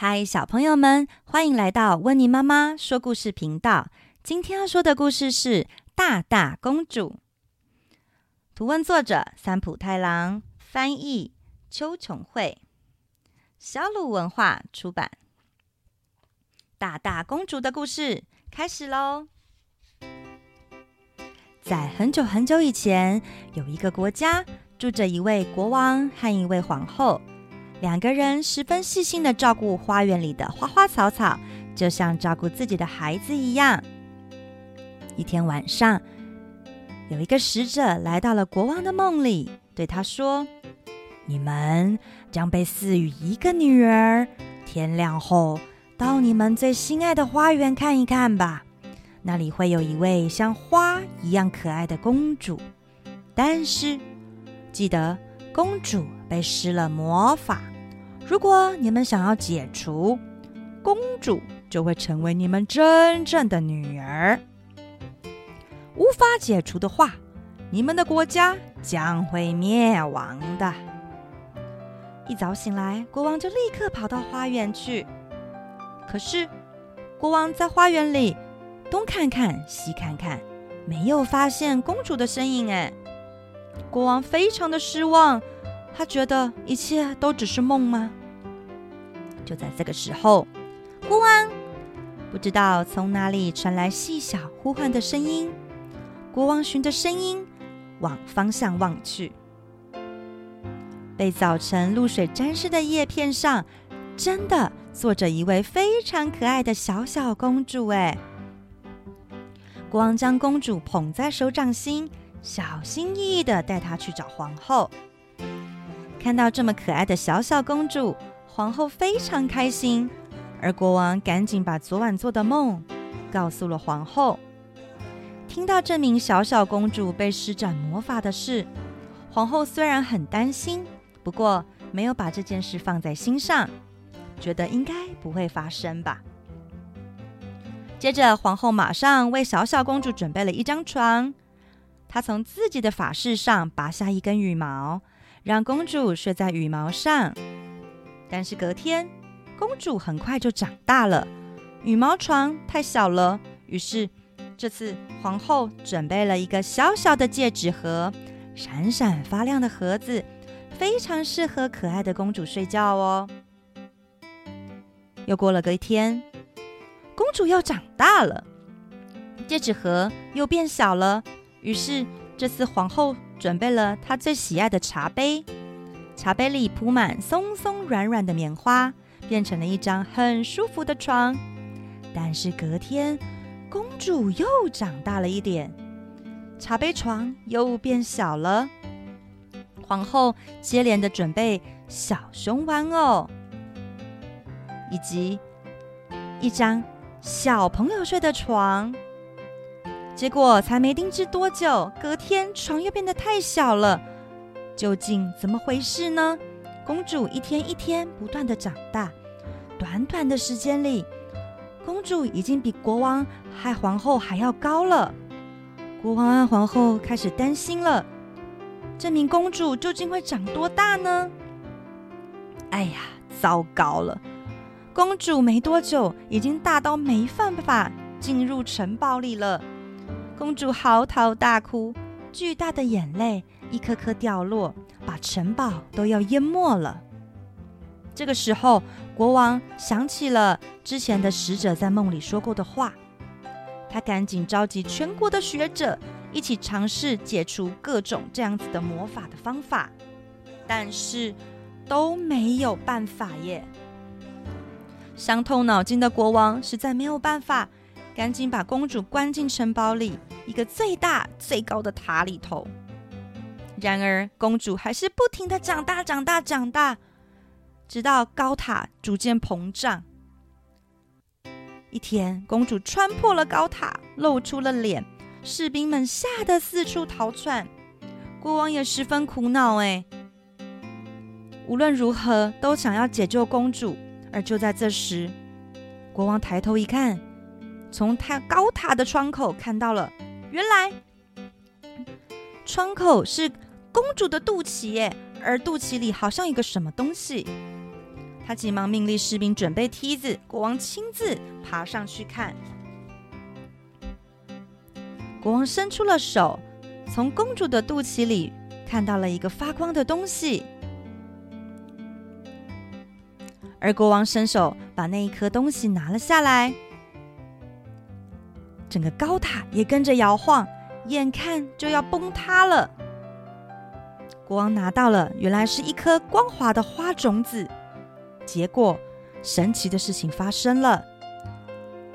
嗨，Hi, 小朋友們，歡迎來到溫妮媽媽說故事頻道。今天要說的故事是《大大公主》。圖文作者：三浦太郎，翻譯：邱瓊慧，小魯文化出版。大大公主的故事開始嘍。在很久很久以前，有一個國家，住着一位國王和一位皇後。兩個人十分細心地照顧花園裡的花花草草，就像照顧自己的孩子一樣。一天晚上，有一個使者來到了國王的夢裡，對他說：“你們將被賜予一個女兒。天亮後，到你們最心愛的花園看一看吧，那裡會有一位像花一樣可愛的公主。但是，記得。”公主被施了魔法，如果你們想要解除，公主就會成為你們真正的女兒。無法解除的話，你們的國家將會滅亡的。一早醒來，國王就立刻跑到花園去。可是，國王在花園裡東看看西看看，沒有發現公主的身影，哎。國王非常的失望，他覺得一切都只是夢嗎？就在這個時候，國王不知道從哪裡傳來細小呼喚的聲音。國王循着聲音往方向望去，被早晨露水沾濕的葉片上，真的坐着一位非常可愛的小小公主。哎，國王將公主捧在手掌心，小心翼翼地帶她去找皇後。看到這麼可愛的小小公主，皇后非常開心，而國王趕緊把昨晚做的夢告訴了皇後。聽到這名小小公主被施展魔法的事，皇后雖然很擔心，不過沒有把這件事放在心上，覺得應該不會發生吧。接着，皇后馬上為小小公主準備了一張床。她從自己的髮飾上拔下一根羽毛，讓公主睡在羽毛上。但是隔天，公主很快就長大了，羽毛床太小了。於是這次，皇后準備了一個小小的戒指盒，閃閃發亮的盒子，非常適合可愛的公主睡覺哦。又過了隔一天，公主又長大了，戒指盒又變小了。於是，這次皇后準備了她最喜愛的茶杯，茶杯裡鋪滿鬆松軟軟的棉花，變成了一張很舒服的床。但是隔天，公主又長大了一點，茶杯床又變小了。皇后接連的準備小熊玩偶，以及一張小朋友睡的床。結果才沒定製多久，隔天床又變得太小了。究竟怎麼回事呢？公主一天一天不斷地長大，短短的時間裡，公主已經比國王和皇後還要高了。國王和皇后開始擔心了：這名公主究竟會長多大呢？哎呀，糟糕了！公主沒多久已經大到沒辦法進入城堡裡了。公主嚎啕大哭，巨大的眼淚一顆顆掉落，把城堡都要淹沒了。這個時候，國王想起了之前的使者在夢裡說過的話，他趕緊召集全國的學者，一起嘗試解除各種這樣子的魔法的方法，但是都沒有辦法耶。傷透腦筋的國王實在沒有辦法。趕緊把公主關進城堡裡一個最大最高的塔裡頭。然而，公主還是不停的長大長大長大，直到高塔逐漸膨脹。一天，公主穿破了高塔，露出了臉，士兵們嚇得四處逃竄，國王也十分苦惱。哎，無論如何都想要解救公主。而就在這時，國王抬頭一看。從他高塔的窗口看到了，原來窗口是公主的肚臍耶，而肚臍裡好像一個什麼東西。他急忙命令士兵準備梯子，國王親自爬上去看。國王伸出了手，從公主的肚臍裡看到了一個發光的東西，而國王伸手把那一顆東西拿了下來。整個高塔也跟着搖晃，眼看就要崩塌了。國王拿到了，原來是一顆光滑的花種子。結果，神奇的事情發生了。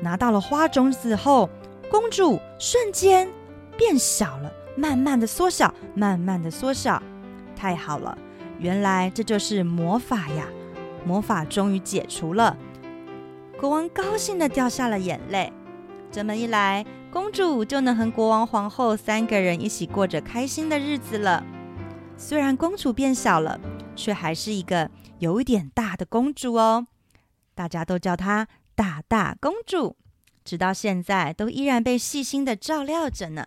拿到了花種子後，公主瞬間變小了，慢慢的縮小，慢慢的縮小。太好了，原來這就是魔法呀！魔法終於解除了。國王高興的掉下了眼淚。這麼一來，公主就能和國王、皇后三個人一起過着開心的日子了。雖然公主變小了，卻還是一個有點大的公主哦。大家都叫她“大大公主”，直到現在都依然被細心的照料着呢。